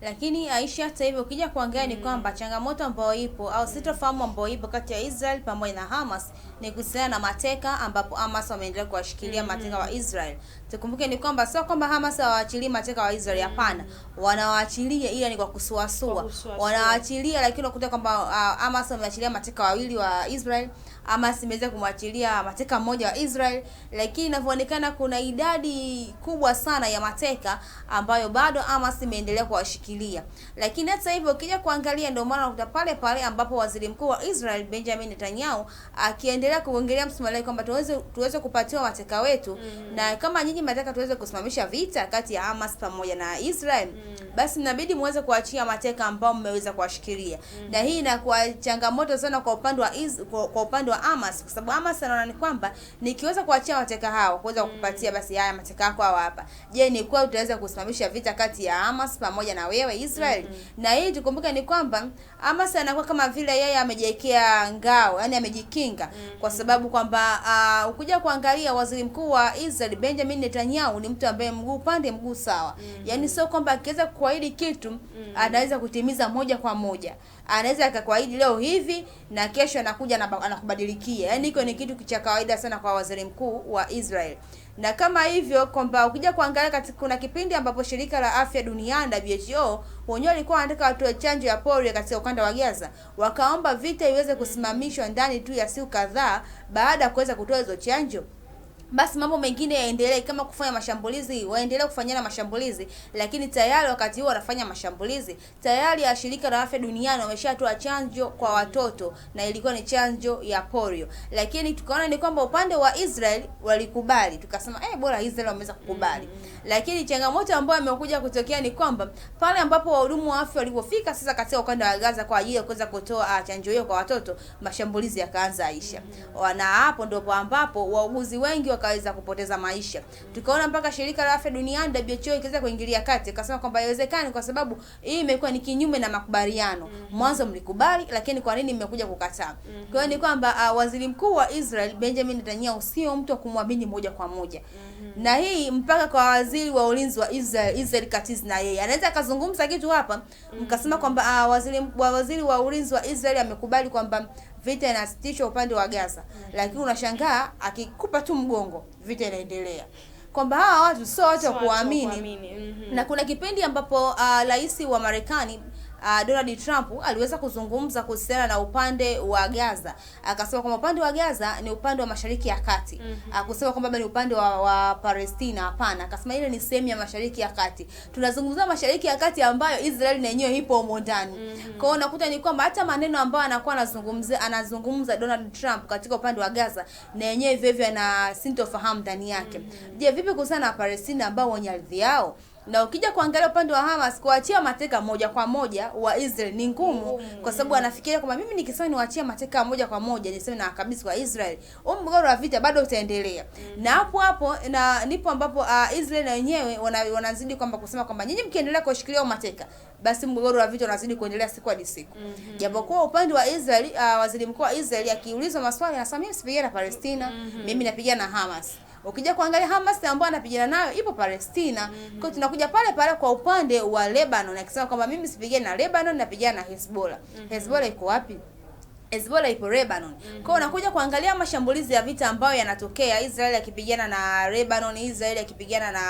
Lakini Aisha, hata hivyo, ukija mm, ni kwamba changamoto ambayo ipo au sitofahamu ambayo ipo kati ya Israel pamoja na Hamas ni kuhusiana na mateka, ambapo Hamas wameendelea kuwashikilia mm mateka wa Israel. Tukumbuke ni kwamba sio kwamba Hamas hawaachilii mateka wa Israel, mm. hapana mm wanawaachilia, ila ni kwa kusuasua, wanawaachilia, lakini unakuta kwamba uh, Hamas wameachilia mateka wawili wa Israel Hamas imeweza kumwachilia mateka mmoja wa Israel, lakini inavyoonekana kuna idadi kubwa sana ya mateka ambayo bado Hamas imeendelea kuwashikilia. Lakini hata hivyo, ukija kuangalia, ndio maana unakuta pale pale ambapo waziri mkuu wa Israel Benjamin Netanyahu akiendelea kuongelea msumali kwamba tuweze tuweze kupatiwa mateka wetu mm. na kama nyinyi mateka tuweze kusimamisha vita kati ya Hamas pamoja na Israel mm. basi inabidi muweze kuachia mateka ambao mmeweza kuwashikilia mm. na hii inakuwa changamoto sana kwa upande wa kwa upande wa wa Amas kwa sababu Amas anaona ni kwamba nikiweza kuachia wateka hao kuweza mm. kukupatia basi haya mateka yako hao hapa. Je, ni kwa utaweza kusimamisha vita kati ya Amas pamoja na wewe Israel? Mm -hmm. Na hii tukumbuke ni kwamba Amas anakuwa kama vile yeye amejiwekea ngao, yani amejikinga mm -hmm. kwa sababu kwamba uh, ukuja kuangalia waziri mkuu wa Israel Benjamin Netanyahu ni mtu ambaye mguu pande mguu sawa. Mm -hmm. Yani sio kwamba akiweza kuahidi kitu mm -hmm. anaweza kutimiza moja kwa moja. Anaweza akakuahidi leo hivi na kesho anakuja anakubadilisha kumilikia. Yaani hiko ni kitu cha kawaida sana kwa waziri mkuu wa Israel, na kama hivyo kwamba ukija kuangalia katika, kuna kipindi ambapo shirika la afya duniani WHO wenyewe walikuwa wanataka watoe chanjo ya polio katika ukanda wa Gaza, wakaomba vita iweze kusimamishwa ndani tu ya siku kadhaa baada ya kuweza kutoa hizo chanjo basi mambo mengine yaendelee, kama kufanya mashambulizi waendelee kufanyana mashambulizi. Lakini tayari wakati huo wanafanya mashambulizi tayari, ya shirika la afya duniani wameshatoa chanjo kwa watoto na ilikuwa ni chanjo ya polio, lakini tukaona ni kwamba upande wa Israel walikubali, tukasema eh, bora Israel wameweza kukubali. Lakini changamoto ambayo imekuja kutokea ni kwamba pale ambapo wahudumu wa afya walipofika sasa katika ukanda wa Gaza kwa ajili ya kuweza kutoa ah, chanjo hiyo kwa watoto, mashambulizi yakaanza Aisha, na hapo ndipo ambapo wauguzi wengi akaweza kupoteza maisha. Tukaona mpaka shirika la afya duniani WHO ikaweza kuingilia kati, ikasema kwamba haiwezekani kwa sababu hii imekuwa ni kinyume na makubaliano. Mm. Mwanzo mlikubali, lakini kwa nini mmekuja kukataa? Mm. Kwa hiyo ni kwamba uh, waziri mkuu wa Israel Benjamin Netanyahu sio mtu wa kumwamini moja kwa moja, mm-hmm. na hii mpaka kwa waziri wa ulinzi wa Israel Israel Katz, na yeye anaweza akazungumza kitu hapa mm-hmm. mkasema kwamba uh, waziri wa waziri wa ulinzi wa Israel amekubali kwamba vita inasitishwa upande wa Gaza, lakini unashangaa akikupa tu mgongo vita inaendelea kwamba hawa watu sio watu wa kuamini. mm -hmm. Na kuna kipindi ambapo ah, rais wa Marekani uh, Donald Trump aliweza kuzungumza kuhusiana na upande wa Gaza, akasema kwamba upande wa Gaza ni upande wa Mashariki ya Kati. mm -hmm. Akusema ah, kwamba ni upande wa, wa Palestina, hapana. Akasema ile ni sehemu ya Mashariki ya Kati. Tunazungumza Mashariki ya Kati ambayo Israeli na yenyewe ipo humo ndani. mm -hmm. Kwa hiyo unakuta ni kwamba hata maneno ambayo anakuwa anazungumza anazungumza Donald Trump katika upande wa Gaza na yenyewe vivyo na sintofahamu ndani yake. mm -hmm. Je, vipi kuhusiana na Palestina ambao wenye ardhi yao na ukija kuangalia upande wa Hamas kuachia mateka moja kwa moja wa Israel ni ngumu mm, kwa sababu anafikiria kwamba mimi nikisema niwaachie mateka moja kwa moja niseme na kabisa wa Israel, huo mgogoro wa vita bado utaendelea mm. na hapo hapo na nipo ambapo uh, Israel na wenyewe wanazidi kwamba kusema kwamba nyinyi mkiendelea kushikilia mateka basi mgogoro wa vita unazidi kuendelea siku hadi siku mm -hmm. Japokuwa upande wa Israel uh, waziri mkuu wa Israel akiulizwa maswali anasema mimi sipigana na Palestina mm -hmm. mimi napigana na Hamas Ukija kuangalia Hamas ambayo anapigana nayo ipo Palestina. Mm -hmm. Kwa tunakuja pale pale kwa upande wa Lebanon akisema kwamba mimi sipigane na Lebanon, napigana na Hezbollah. Mm -hmm. Hezbollah iko wapi? Hezbollah ipo Lebanon. Mm -hmm. Kwa hiyo unakuja kuangalia mashambulizi ya vita ambayo yanatokea Israel akipigana ya na Lebanon, Israel akipigana na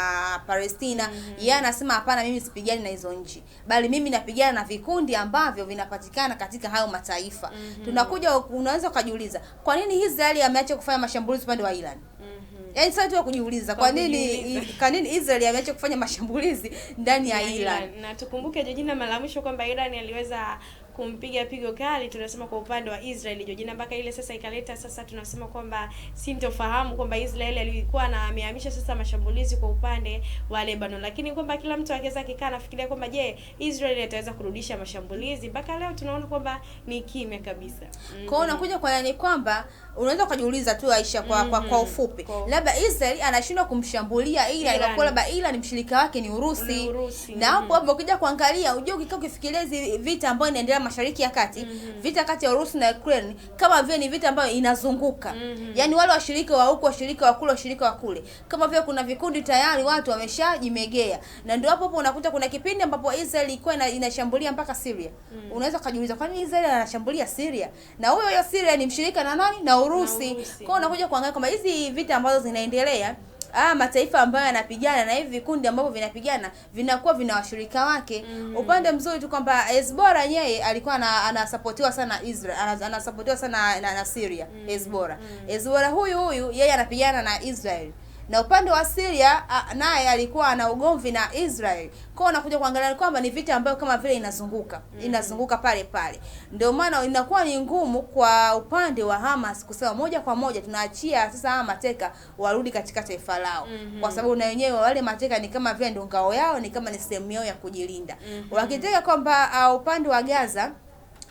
Palestina. Mm -hmm. Yeye anasema hapana, mimi sipigani na hizo nchi, bali mimi napigana na vikundi ambavyo vinapatikana katika hayo mataifa. Mm -hmm. Tunakuja, unaweza ukajiuliza kwa nini Israel ameacha kufanya mashambulizi upande wa Iran? Mm-hmm. Yaani sasa tu kujiuliza kwa nini kwa nini Israel ameacha kufanya mashambulizi ndani ya Iran. Na tukumbuke jojina mara mwisho kwamba Iran aliweza kumpiga pigo kali, tunasema kwa upande wa Israeli Israel jina mpaka ile sasa ikaleta sasa, tunasema kwamba sintofahamu kwamba Israeli alikuwa na amehamisha sasa mashambulizi kwa upande wa Lebanon, lakini kwamba kila mtu akiweza kikaa nafikiria kwamba je, Israeli ataweza kurudisha mashambulizi? Mpaka leo tunaona kwamba ni kimya kabisa. mm -hmm. Kwao unakuja kwa yani kwamba unaweza ukajiuliza tu Aisha, kwa mm -hmm. kwa, mm-hmm. kwa ufupi labda Israel anashindwa kumshambulia ila ilikuwa labda ila ni mshirika wake ni Urusi, Urusi. na hapo mm -hmm. hapo ukija kuangalia unajua ukikaa ukifikiria hizi vita ambayo inaendelea Mashariki ya Kati mm -hmm. vita kati ya Urusi na Ukraine kama vile ni vita ambayo inazunguka mm -hmm. yaani wale washirika wa huko, washirika wa kule washirika wa kule kama vile kuna vikundi tayari watu wameshajimegea, na ndio hapo hapo unakuta kuna kipindi ambapo Israel ilikuwa inashambulia mpaka Syria mm -hmm. unaweza kujiuliza kwa nini Israel anashambulia Syria na huyo huyo Syria ni mshirika na nani na Urusi, Urusi. kwa unakuja kuangalia kama hizi vita ambazo zinaendelea haya ah, mataifa ambayo yanapigana na hivi vikundi ambavyo vinapigana vinakuwa vina washirika wake. mm Upande mzuri tu kwamba hezbora yeye alikuwa anasapotiwa sana Israel, anasapotiwa sana na, na Syria. mm hezbora mm. Hezbollah huyu huyu yeye anapigana na Israel na upande wa Syria naye alikuwa ana ugomvi na Israel. Kwa unakuja kuangalia kwamba ni vita ambayo kama vile inazunguka mm inazunguka pale pale, ndio maana inakuwa ni ngumu kwa upande wa Hamas kusema moja kwa moja tunaachia sasa hawa mateka warudi katika taifa lao mm -hmm. kwa sababu na wenyewe wale mateka ni kama vile ndio ngao yao, ni kama ni sehemu yao ya kujilinda mm -hmm. wakitaka kwamba uh, upande wa Gaza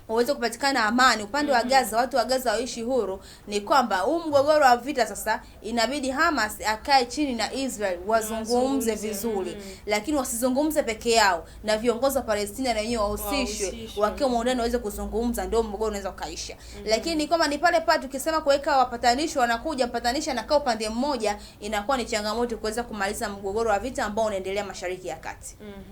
uweze kupatikana amani upande mm -hmm. wa mm-hmm. Gaza, watu wa Gaza waishi huru, ni kwamba huu mgogoro wa vita sasa inabidi Hamas akae chini na Israel wazungumze vizuri mm -hmm. lakini wasizungumze peke yao, na viongozi wa Palestina na wenyewe wahusishwe, wakiwa muungano waweze kuzungumza, ndio mgogoro unaweza ukaisha mm -hmm. lakini ni kwamba ni pale pale tukisema kuweka wapatanishi, wanakuja mpatanishi anakaa upande mmoja, inakuwa ni changamoto kuweza kumaliza mgogoro wa vita ambao unaendelea Mashariki ya Kati mm -hmm.